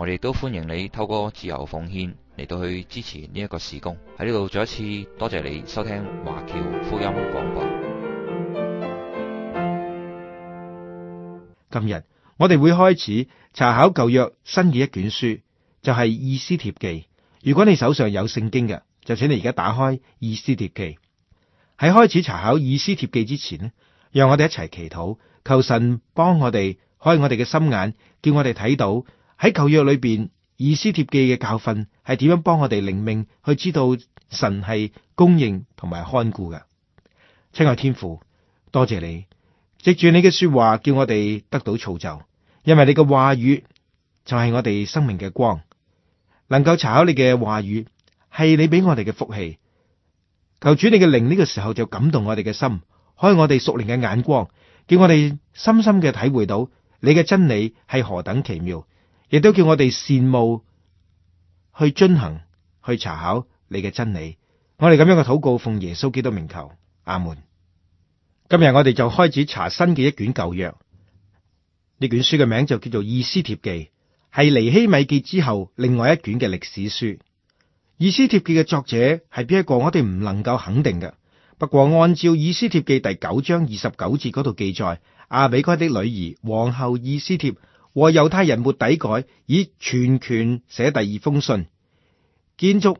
我哋都歡迎你透過自由奉獻嚟到去支持呢一個事工喺呢度。再一次多謝你收聽華僑福音廣播。今日我哋會開始查考舊約新嘅一卷書，就係、是《以斯帖記》。如果你手上有聖經嘅，就請你而家打開《以斯帖記》。喺開始查考《以斯帖記》之前咧，讓我哋一齊祈禱，求神幫我哋開我哋嘅心眼，叫我哋睇到。喺舊約裏邊，以斯帖記嘅教訓係點樣幫我哋靈命去知道神係供應同埋看顧嘅？親愛天父，多謝你藉住你嘅說話，叫我哋得到造就，因為你嘅話語就係、是、我哋生命嘅光，能夠查考你嘅話語係你俾我哋嘅福氣。求主你，你嘅靈呢個時候就感動我哋嘅心，開我哋熟靈嘅眼光，叫我哋深深嘅體會到你嘅真理係何等奇妙。亦都叫我哋羨慕去遵行，去查考你嘅真理。我哋咁樣嘅禱告，奉耶穌基督名求，阿門。今日我哋就開始查新嘅一卷舊約，呢卷書嘅名就叫做《以斯帖記》，係尼希米記之後另外一卷嘅歷史書。《以斯帖記》嘅作者係邊一個？我哋唔能夠肯定嘅。不過按照《以斯帖記》第九章二十九節嗰度記載，亞比該的女兒、皇后以斯帖。和猶太人末底改，以全權寫第二封信。建築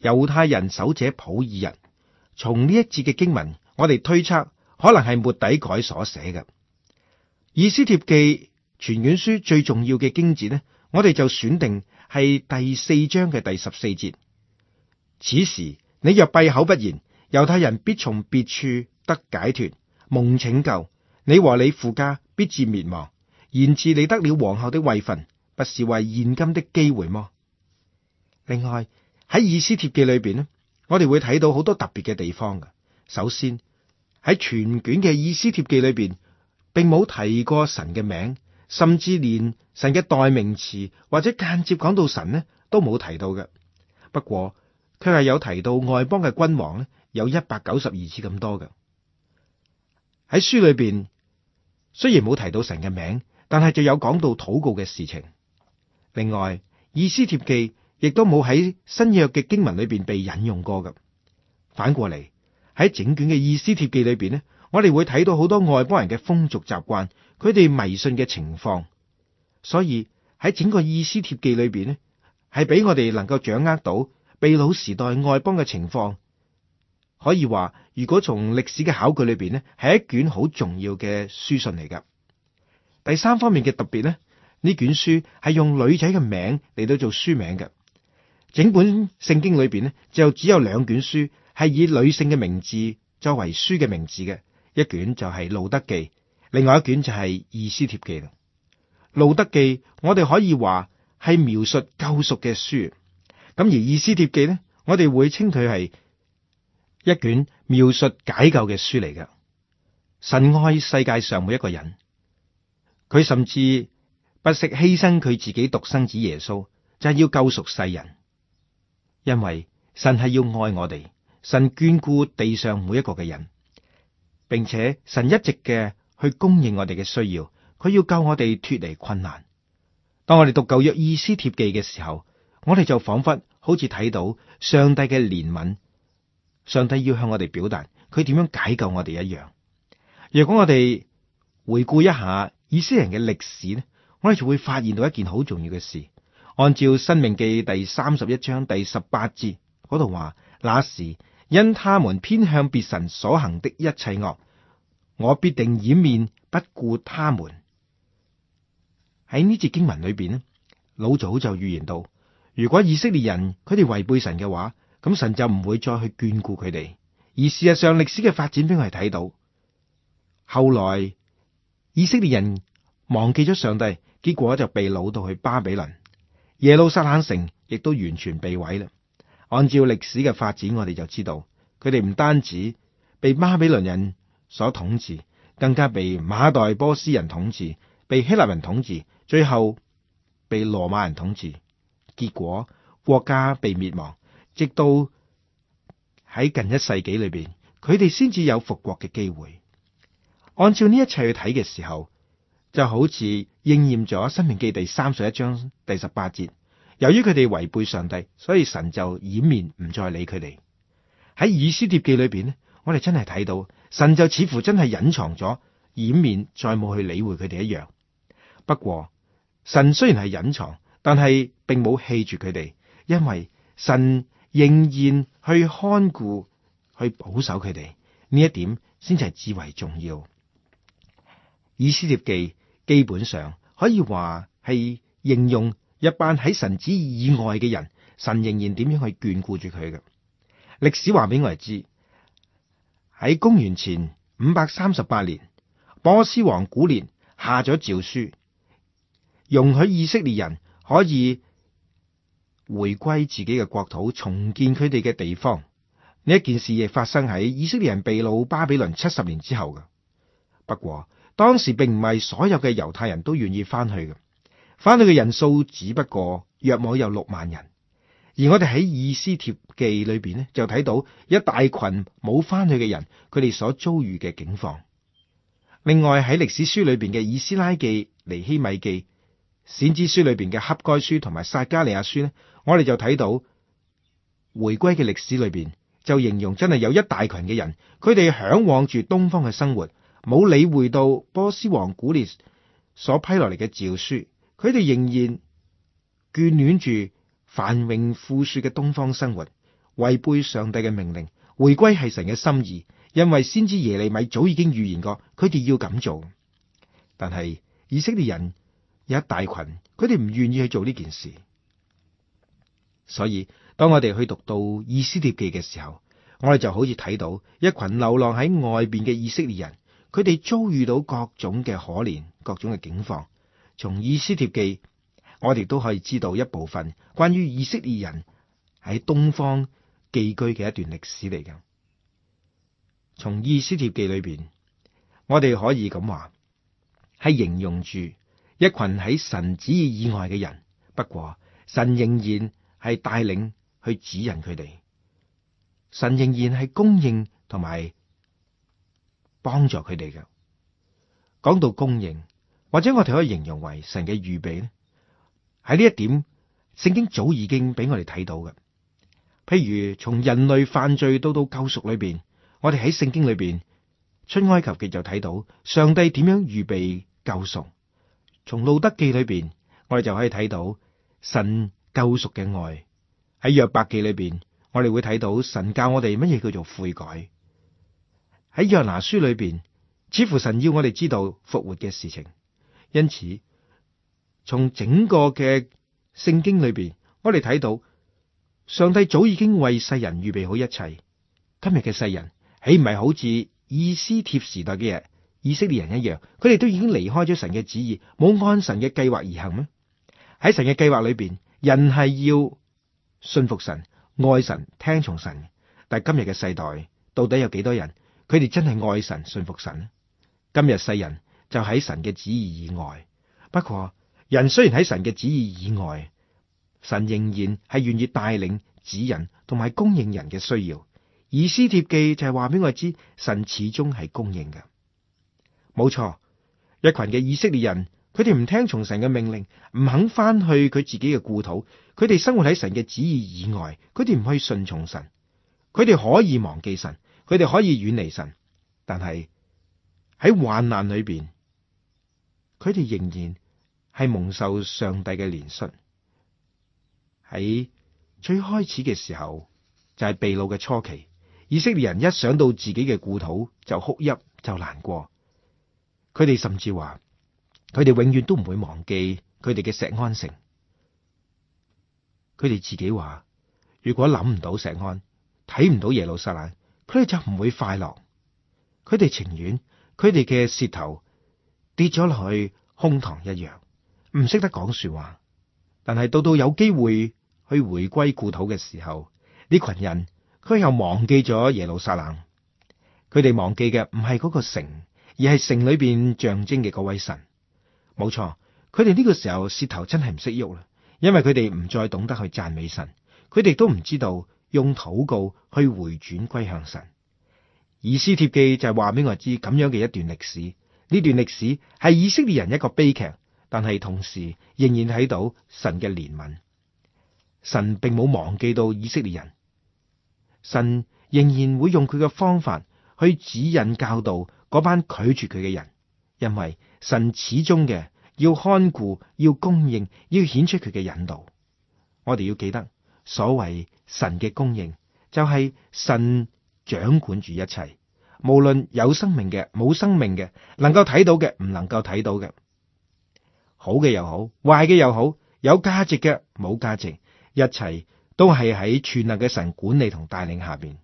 猶太人守者普爾人，從呢一節嘅經文，我哋推測可能係末底改所寫嘅。以斯帖記全卷書最重要嘅經節呢？我哋就選定係第四章嘅第十四節。此時你若閉口不言，猶太人必從別處得解脱，蒙拯救你和你父家必至滅亡。焉知你得了皇后的位份，不是為現今的機會麼？另外喺《以斯帖記》裏邊咧，我哋會睇到好多特別嘅地方嘅。首先喺全卷嘅《以斯帖記》裏邊，並冇提過神嘅名，甚至連神嘅代名詞或者間接講到神呢，都冇提到嘅。不過佢係有提到外邦嘅君王咧，有一百九十二次咁多嘅。喺書裏邊，雖然冇提到神嘅名。但係就有講到禱告嘅事情。另外，以斯帖記亦都冇喺新約嘅經文裏邊被引用過嘅。反過嚟喺整卷嘅以斯帖記裏邊咧，我哋會睇到好多外邦人嘅風俗習慣，佢哋迷信嘅情況。所以喺整個以斯帖記裏邊咧，係俾我哋能夠掌握到秘魯時代外邦嘅情況。可以話，如果從歷史嘅考據裏邊咧，係一卷好重要嘅書信嚟噶。第三方面嘅特別呢，呢卷書係用女仔嘅名嚟到做書名嘅。整本聖經裏邊呢，就只有兩卷書係以女性嘅名字作為書嘅名字嘅，一卷就係路德記，另外一卷就係以斯帖記啦。路德記我哋可以話係描述救贖嘅書，咁而以斯帖記呢，我哋會稱佢係一卷描述解救嘅書嚟嘅。神愛世界上每一個人。佢甚至不惜犧牲佢自己獨生子耶穌，就係、是、要救贖世人。因為神係要愛我哋，神眷顧地上每一個嘅人，並且神一直嘅去供應我哋嘅需要。佢要救我哋脱離困難。當我哋讀舊約以斯帖記嘅時候，我哋就仿佛好似睇到上帝嘅憐憫，上帝要向我哋表達佢點樣解救我哋一樣。如果我哋回顧一下。以色列人嘅歷史咧，我哋就會發現到一件好重要嘅事。按照《申命記》第三十一章第十八節嗰度話，那時因他們偏向別神所行的一切惡，我必定掩面不顧他們。喺呢節經文裏邊咧，老早就預言到：「如果以色列人佢哋違背神嘅話，咁神就唔會再去眷顧佢哋。」而事實上，歷史嘅發展俾我哋睇到，後來。以色列人忘記咗上帝，結果就被擄到去巴比倫，耶路撒冷城亦都完全被毀啦。按照歷史嘅發展，我哋就知道佢哋唔單止被巴比倫人所統治，更加被馬代波斯人統治，被希臘人統治，最後被羅馬人統治，結果國家被滅亡。直到喺近一世紀裏邊，佢哋先至有復國嘅機會。按照呢一切去睇嘅時候，就好似應驗咗《申命記》第三十一章第十八節。由於佢哋違背上帝，所以神就掩面唔再理佢哋。喺《以斯帖記》裏邊咧，我哋真係睇到神就似乎真係隱藏咗，掩面再冇去理會佢哋一樣。不過神雖然係隱藏，但係並冇棄住佢哋，因為神仍然去看顧、去保守佢哋。呢一點先至係至為重要。以斯帖記基本上可以話係形容一班喺神子以外嘅人，神仍然點樣去眷顧住佢嘅。歷史話俾我哋知，喺公元前五百三十八年，波斯王古列下咗詔書，容許以色列人可以回歸自己嘅國土，重建佢哋嘅地方。呢一件事亦發生喺以色列人被擄巴比倫七十年之後嘅。不過。當時並唔係所有嘅猶太人都願意翻去嘅，翻去嘅人數只不過約莫有，有六萬人。而我哋喺《以斯帖記》裏邊咧，就睇到一大群冇翻去嘅人，佢哋所遭遇嘅境況。另外喺歷史書裏邊嘅《以斯拉記》、《尼希米記》、《先知書》裏邊嘅《哈該書》同埋《撒迦利亞書》呢，我哋就睇到回歸嘅歷史裏邊，就形容真係有一大群嘅人，佢哋向往住東方嘅生活。冇理會到波斯王古列所批落嚟嘅詔書，佢哋仍然眷戀住繁榮富庶嘅東方生活，違背上帝嘅命令，回歸係神嘅心意。因為先知耶利米早已經預言過，佢哋要咁做。但係以色列人有一大群，佢哋唔願意去做呢件事，所以當我哋去讀到《以斯帖記》嘅時候，我哋就好似睇到一群流浪喺外邊嘅以色列人。佢哋遭遇到各種嘅可憐、各種嘅境況。從《以斯帖記》，我哋都可以知道一部分關於以色列人喺東方寄居嘅一段歷史嚟㗎。從《以斯帖記》裏邊，我哋可以咁話，係形容住一群喺神旨意以外嘅人。不過神，神仍然係帶領去指引佢哋，神仍然係供應同埋。幫助佢哋嘅，講到供應，或者我哋可以形容為神嘅預備咧。喺呢一點，聖經早已經俾我哋睇到嘅。譬如從人類犯罪到到救贖裏邊，我哋喺聖經裏邊，出埃及記就睇到上帝點樣預備救贖；從路德記裏邊，我哋就可以睇到神救贖嘅愛；喺約伯記裏邊，我哋會睇到神教我哋乜嘢叫做悔改。喺約拿書裏邊，似乎神要我哋知道復活嘅事情。因此，從整個嘅聖經裏邊，我哋睇到上帝早已經為世人預備好一切。今日嘅世人，豈唔係好似以斯帖時代嘅以色列人一樣？佢哋都已經離開咗神嘅旨意，冇按神嘅計劃而行咩？喺神嘅計劃裏邊，人係要信服神、愛神、聽從神。但係今日嘅世代，到底有幾多人？佢哋真係愛神、信服神。今日世人就喺神嘅旨意以外。不過人雖然喺神嘅旨意以外，神仍然係願意帶領指引同埋供應人嘅需要。以斯帖記就係話俾我知，神始終係供應嘅。冇錯，一群嘅以色列人，佢哋唔聽從神嘅命令，唔肯翻去佢自己嘅故土，佢哋生活喺神嘅旨意以外，佢哋唔去順從神，佢哋可以忘記神。佢哋可以遠離神，但係喺患難裏邊，佢哋仍然係蒙受上帝嘅憐恤。喺最開始嘅時候，就係被擄嘅初期，以色列人一想到自己嘅故土就哭泣就難過。佢哋甚至話，佢哋永遠都唔會忘記佢哋嘅錫安城。佢哋自己話：如果諗唔到錫安，睇唔到耶路撒冷，佢哋就唔會快樂，佢哋情願佢哋嘅舌頭跌咗落去胸膛一樣，唔識得講說話。但係到到有機會去回歸故土嘅時候，呢群人佢又忘記咗耶路撒冷。佢哋忘記嘅唔係嗰個城，而係城裏邊象徵嘅嗰位神。冇錯，佢哋呢個時候舌頭真係唔識喐啦，因為佢哋唔再懂得去讚美神，佢哋都唔知道。用禱告去回轉歸向神，以斯帖記就係話俾我知咁樣嘅一段歷史。呢段歷史係以色列人一個悲劇，但係同時仍然睇到神嘅憐憫。神並冇忘記到以色列人，神仍然會用佢嘅方法去指引教導嗰班拒絕佢嘅人，因為神始終嘅要看顧，要供應，要顯出佢嘅引導。我哋要記得所謂。神嘅供應就係、是、神掌管住一切，無論有生命嘅、冇生命嘅，能夠睇到嘅、唔能夠睇到嘅，好嘅又好，壞嘅又好，有價值嘅、冇價值，一切都係喺全能嘅神管理同帶領下面。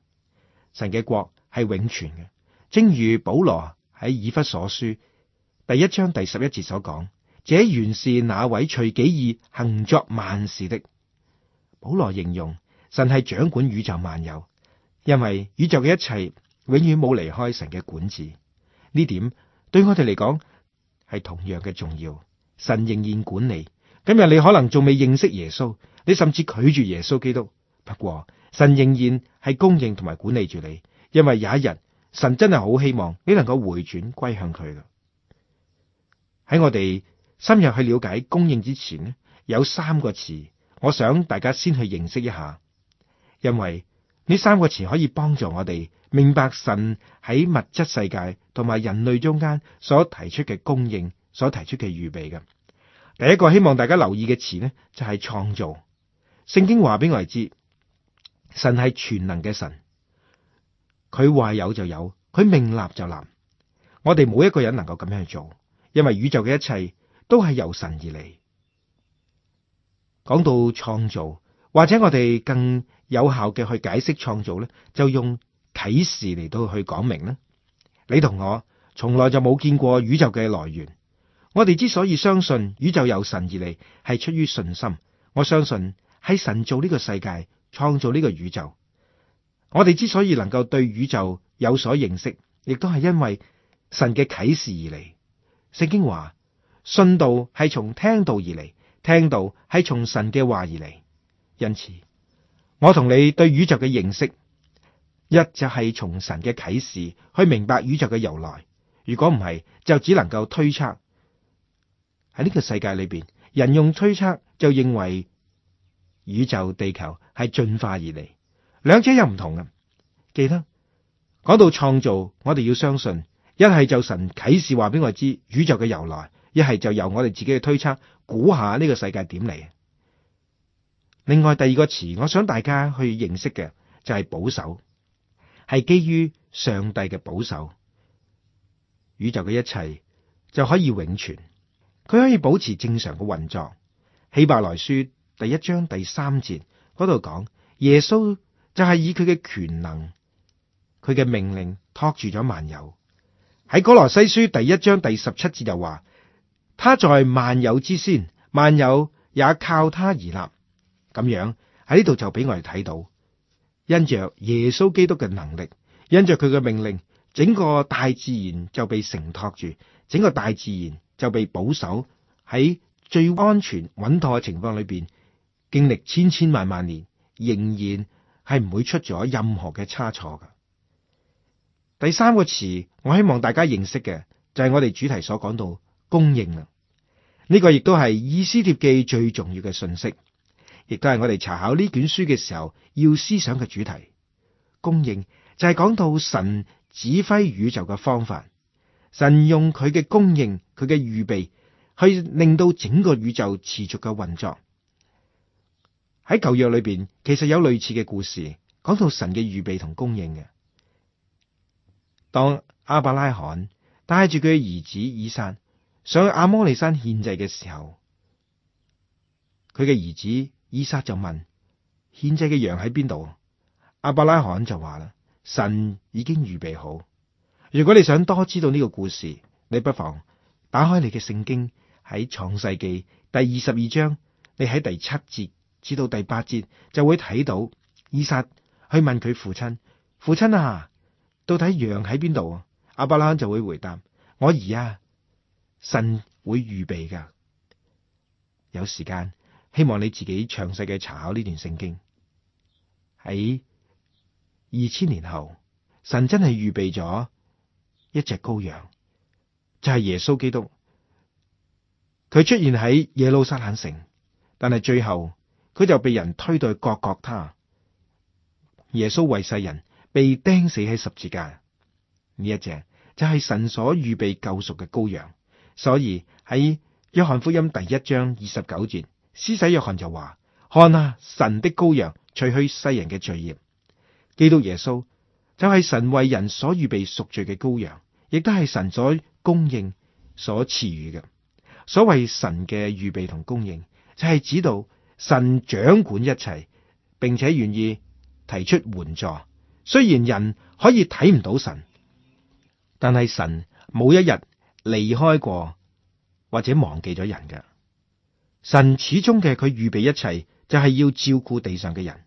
神嘅國係永存嘅，正如保羅喺以弗所書第一章第十一節所講：這原是那位隨己意行作萬事的。保羅形容。神係掌管宇宙萬有，因為宇宙嘅一切永遠冇離開神嘅管治。呢點對我哋嚟講係同樣嘅重要。神仍然管理。今日你可能仲未認識耶穌，你甚至拒絕耶穌基督。不過神仍然係供應同埋管理住你，因為有一日神真係好希望你能夠回轉歸向佢嘅。喺我哋深入去了解供應之前呢，有三個詞，我想大家先去認識一下。因為呢三個詞可以幫助我哋明白神喺物質世界同埋人類中間所提出嘅供應、所提出嘅預備嘅。第一個希望大家留意嘅詞呢，就係創造。聖經話俾我哋知，神係全能嘅神，佢話有就有，佢命立就立。我哋冇一個人能夠咁樣做，因為宇宙嘅一切都係由神而嚟。講到創造。或者我哋更有效嘅去解釋創造咧，就用啟示嚟到去講明咧。你同我從來就冇見過宇宙嘅來源。我哋之所以相信宇宙由神而嚟，係出於信心。我相信喺神造呢個世界，創造呢個宇宙。我哋之所以能夠對宇宙有所認識，亦都係因為神嘅啟示而嚟。聖經話：信道係從聽道而嚟，聽道，係從神嘅話而嚟。因此，我同你對宇宙嘅認識，一就係從神嘅啟示去明白宇宙嘅由來；如果唔係，就只能夠推測。喺呢個世界裏邊，人用推測就認為宇宙地球係進化而嚟，兩者又唔同嘅。記得講到創造，我哋要相信，一係就神啟示話俾我知宇宙嘅由來，一係就由我哋自己嘅推測估下呢個世界點嚟。另外第二個詞，我想大家去認識嘅就係、是、保守，係基於上帝嘅保守，宇宙嘅一切就可以永存，佢可以保持正常嘅運作。希伯來書第一章第三節嗰度講，耶穌就係以佢嘅權能，佢嘅命令托住咗萬有。喺哥羅西書第一章第十七節又話，他在萬有之先，萬有也靠他而立。咁樣喺呢度就俾我哋睇到，因着耶穌基督嘅能力，因着佢嘅命令，整個大自然就被承托住，整個大自然就被保守喺最安全穩妥嘅情況裏邊，經歷千千萬萬年，仍然係唔會出咗任何嘅差錯噶第三個詞，我希望大家認識嘅就係我哋主題所講到供應啦，呢個亦都係以斯帖記最重要嘅信息。亦都係我哋查考呢卷書嘅時候要思想嘅主題。供應就係、是、講到神指揮宇宙嘅方法，神用佢嘅供應、佢嘅預備去令到整個宇宙持續嘅運作。喺舊約裏邊，其實有類似嘅故事，講到神嘅預備同供應嘅。當亞伯拉罕帶住佢嘅兒子以撒，上去阿摩利山獻祭嘅時候，佢嘅兒子。以撒就問獻祭嘅羊喺邊度？阿伯拉罕就話啦：神已經預備好。如果你想多知道呢個故事，你不妨打開你嘅聖經喺創世記第二十二章，你喺第七節至到第八節就會睇到。以撒去問佢父親：父親啊，到底羊喺邊度？阿伯拉罕就會回答：我兒啊，神會預備㗎。有時間。希望你自己詳細嘅查考呢段聖經。喺二千年後，神真係預備咗一隻羔羊，就係耶穌基督。佢出現喺耶路撒冷城，但係最後佢就被人推到去各各他。耶穌為世人被釘死喺十字架，呢一隻就係神所預備救贖嘅羔羊。所以喺約翰福音第一章二十九節。施洗約翰就話，看啊，神的羔羊，除去世人嘅罪孽。基督耶穌就係、是、神為人所預備贖罪嘅羔羊，亦都係神所供應、所賜予嘅。所謂神嘅預備同供應，就係、是、指到神掌管一切，並且願意提出援助。雖然人可以睇唔到神，但係神冇一日離開過，或者忘記咗人嘅。神始終嘅佢預備一切，就係要照顧地上嘅人。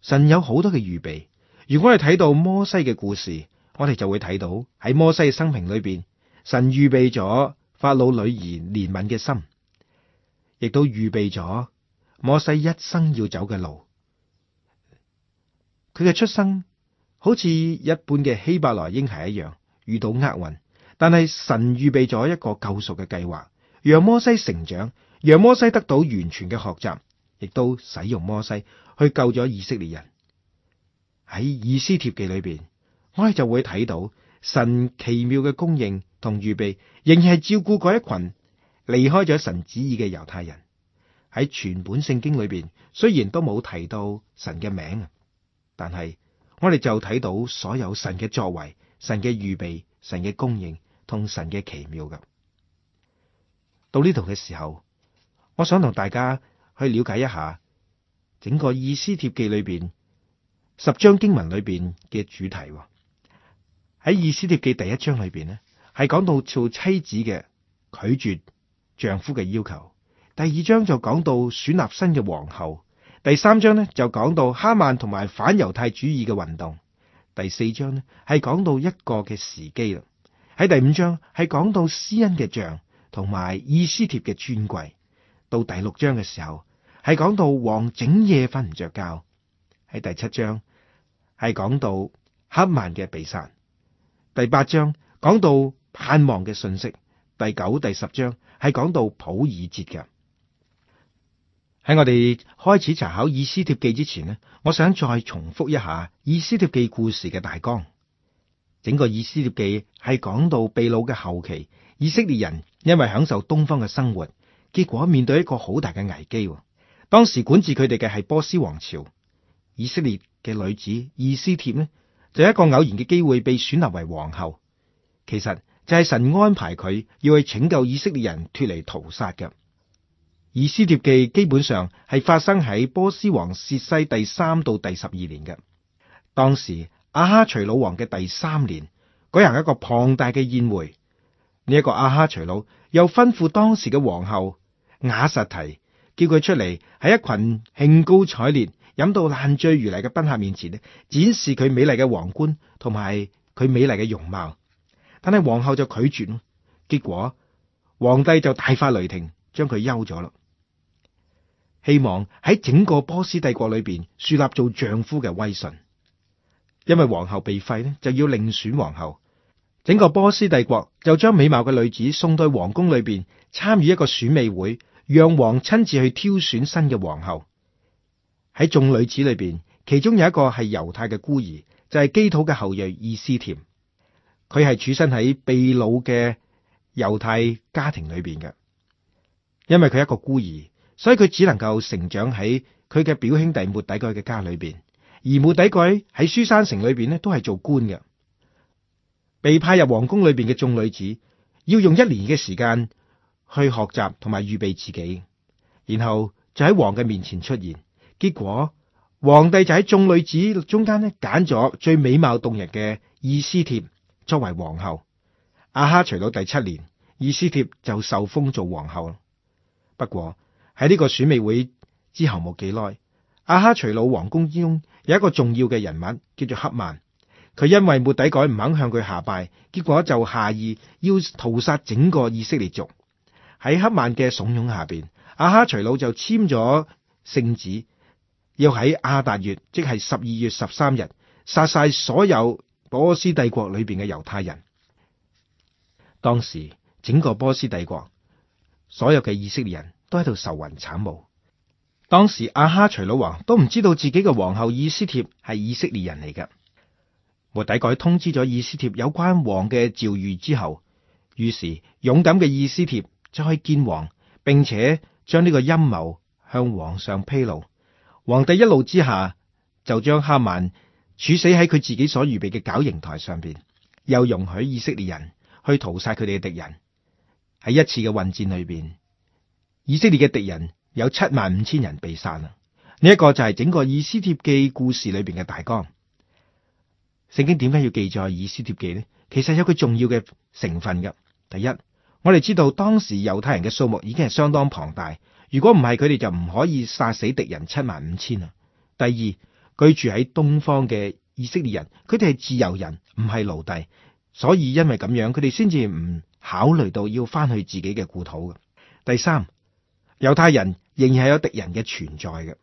神有好多嘅預備。如果我哋睇到摩西嘅故事，我哋就會睇到喺摩西嘅生平裏邊，神預備咗法老女兒憐憫嘅心，亦都預備咗摩西一生要走嘅路。佢嘅出生好似一般嘅希伯來嬰孩一樣遇到厄運，但係神預備咗一個救贖嘅計劃，讓摩西成長。讓摩西得到完全嘅學習，亦都使用摩西去救咗以色列人。喺以斯帖記裏邊，我哋就會睇到神奇妙嘅供應同預備，仍然係照顧嗰一群離開咗神旨意嘅猶太人。喺全本聖經裏邊，雖然都冇提到神嘅名，但係我哋就睇到所有神嘅作為、神嘅預備、神嘅供應同神嘅奇妙噶。到呢度嘅時候。我想同大家去了解一下整個《以斯帖記》裏邊十章經文裏邊嘅主題，喺《以斯帖記》第一章裏邊咧，係講到做妻子嘅拒絕丈夫嘅要求；第二章就講到選立新嘅皇后；第三章呢，就講到哈曼同埋反猶太主義嘅運動；第四章呢，係講到一個嘅時機啦。喺第五章係講到施恩嘅像同埋《以斯帖》嘅尊貴。到第六章嘅時候，係講到王整夜瞓唔着覺；喺第七章係講到黑曼嘅被殺；第八章講到盼望嘅信息；第九、第十章係講到普爾節嘅。喺我哋開始查考以斯帖記之前咧，我想再重複一下以斯帖記故事嘅大綱。整個以斯帖記係講到被擄嘅後期，以色列人因為享受東方嘅生活。結果面對一個好大嘅危機，當時管治佢哋嘅係波斯王朝。以色列嘅女子以斯帖呢，就一個偶然嘅機會被選立為皇后。其實就係神安排佢要去拯救以色列人脫離屠殺嘅。以斯帖記基本上係發生喺波斯王涉世第三到第十二年嘅，當時亞哈隨魯王嘅第三年，舉行一個龐大嘅宴會。呢、這、一個亞哈隨魯又吩咐當時嘅皇后。瓦實提叫佢出嚟喺一群興高采烈、飲到爛醉如泥嘅賓客面前咧，展示佢美麗嘅皇冠同埋佢美麗嘅容貌。但係皇后就拒絕咯，結果皇帝就大發雷霆，將佢休咗啦。希望喺整個波斯帝國裏邊樹立做丈夫嘅威信，因為皇后被廢咧，就要另選皇后。整個波斯帝國就將美貌嘅女子送到皇宮裏邊參與一個選美會，讓王親自去挑選新嘅皇后。喺眾女子裏邊，其中有一個係猶太嘅孤兒，就係、是、基士嘅後裔以斯帖。佢係處身喺秘魯嘅猶太家庭裏邊嘅，因為佢一個孤兒，所以佢只能夠成長喺佢嘅表兄弟末底改嘅家裏邊。而末底改喺書珊城裏邊咧，都係做官嘅。被派入皇宮裏邊嘅眾女子，要用一年嘅時間去學習同埋預備自己，然後就喺皇嘅面前出現。結果皇帝就喺眾女子中間呢揀咗最美貌動人嘅以斯帖作為皇后。亞哈隨魯第七年，以斯帖就受封做皇后。不過喺呢個選美會之後冇幾耐，亞哈隨魯皇宮之中有一個重要嘅人物叫做黑曼。佢因為末底改唔肯向佢下拜，結果就下旨要屠殺整個以色列族。喺哈曼嘅慫恿下邊，亞哈隨魯就簽咗聖旨，要喺亞達月，即係十二月十三日，殺晒所有波斯帝國裏邊嘅猶太人。當時整個波斯帝國，所有嘅以色列人都喺度愁雲慘霧。當時亞哈隨魯王都唔知道自己嘅皇后以斯帖係以色列人嚟㗎。末底改通知咗以斯帖有關王嘅詔諭之後，於是勇敢嘅以斯帖就去見王，並且將呢個陰謀向皇上披露。皇帝一怒之下，就將哈曼處死喺佢自己所預備嘅絞刑台上邊，又容許以色列人去屠殺佢哋嘅敵人。喺一次嘅混戰裏邊，以色列嘅敵人有七萬五千人被殺啦。呢、這、一個就係整個《以斯帖記》故事裏邊嘅大綱。聖經點解要記載以斯帖記呢？其實有佢重要嘅成分㗎。第一，我哋知道當時猶太人嘅數目已經係相當龐大，如果唔係佢哋就唔可以殺死敵人七萬五千啊。第二，居住喺東方嘅以色列人，佢哋係自由人，唔係奴隸，所以因為咁樣，佢哋先至唔考慮到要翻去自己嘅故土。第三，猶太人仍然係有敵人嘅存在嘅。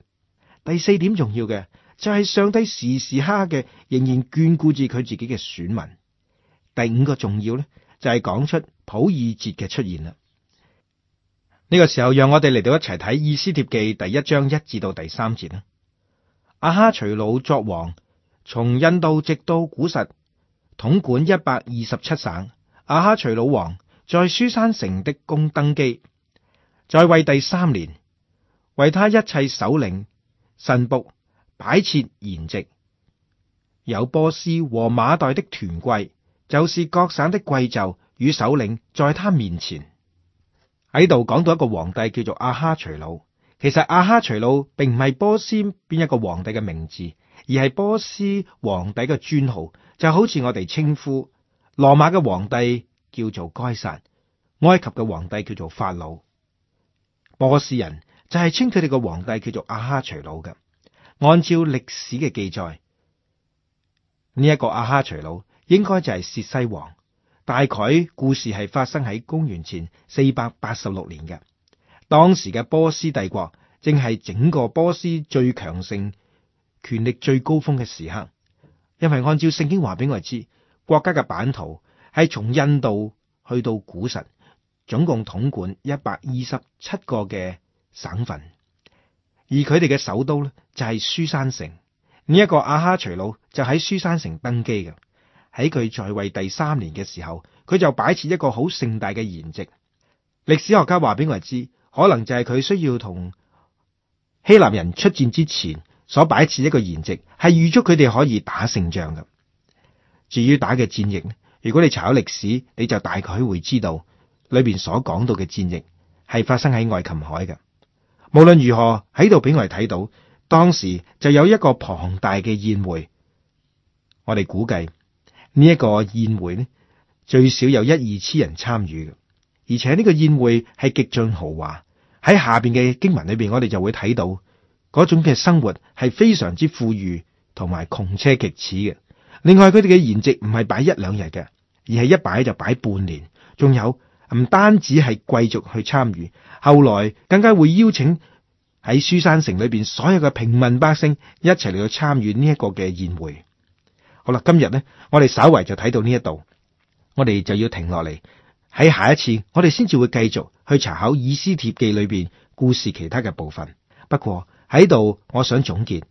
第四點重要嘅。就係上帝時時刻刻嘅仍然眷顧住佢自己嘅選民。第五個重要咧就係、是、講出普珥節嘅出現啦。呢、這個時候讓我哋嚟到一齊睇《以斯帖記》第一章一至到第三節啦。阿、啊、哈隨魯作王，從印度直到古實，統管一百二十七省。阿、啊、哈隨魯王在書珊城的宮登基，在位第三年，為他一切首領臣僕。.擺設筵席，有波斯和馬代的權貴，就是各省的貴族與首領，在他面前。喺度講到一個皇帝叫做亞哈隨魯。其實亞哈隨魯並唔係波斯邊一個皇帝嘅名字，而係波斯皇帝嘅尊號，就好似我哋稱呼羅馬嘅皇帝叫做該撒，埃及嘅皇帝叫做法老，波斯人就係稱佢哋嘅皇帝叫做亞哈隨魯嘅。按照歷史嘅記載，呢、這、一個亞哈隨魯應該就係薛西王，大概故事係發生喺公元前四百八十六年嘅。當時嘅波斯帝國正係整個波斯最強盛、權力最高峰嘅時刻。因為按照聖經話俾我知，國家嘅版圖係從印度去到古實，總共統管一百二十七個嘅省份。而佢哋嘅首都呢，就係書珊城，呢一個亞哈隨魯就喺書珊城登基嘅。喺佢在位第三年嘅時候，佢就擺設一個好盛大嘅筵席。歷史學家話俾我哋知，可能就係佢需要同希臘人出戰之前所擺設一個筵席，係預祝佢哋可以打勝仗嘅。至於打嘅戰役，如果你查咗歷史，你就大概會知道裏邊所講到嘅戰役係發生喺愛琴海嘅。無論如何喺度俾我哋睇到，當時就有一個龐大嘅宴會。我哋估計呢一個宴會咧最少有一二千人參與嘅，而且呢個宴會係極盡豪華。喺下邊嘅經文裏邊，我哋就會睇到嗰種嘅生活係非常之富裕，同埋窮奢極侈嘅。另外佢哋嘅筵席唔係擺一兩日嘅，而係一擺就擺半年。仲有。唔單止係貴族去參與，後來更加會邀請喺書山城裏邊所有嘅平民百姓一齊嚟到參與呢一個嘅宴會。好啦，今日呢，我哋稍為就睇到呢一度，我哋就要停落嚟。喺下一次，我哋先至會繼續去查考《以斯帖記》裏邊故事其他嘅部分。不過喺度，我想總結，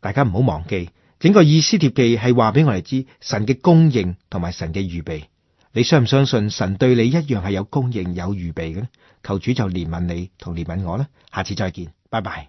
大家唔好忘記，整個《以斯帖記》係話俾我哋知神嘅供應同埋神嘅預備。你相唔相信神對你一樣係有供應有預備嘅呢？求主就憐憫你同憐憫我啦！下次再見，拜拜。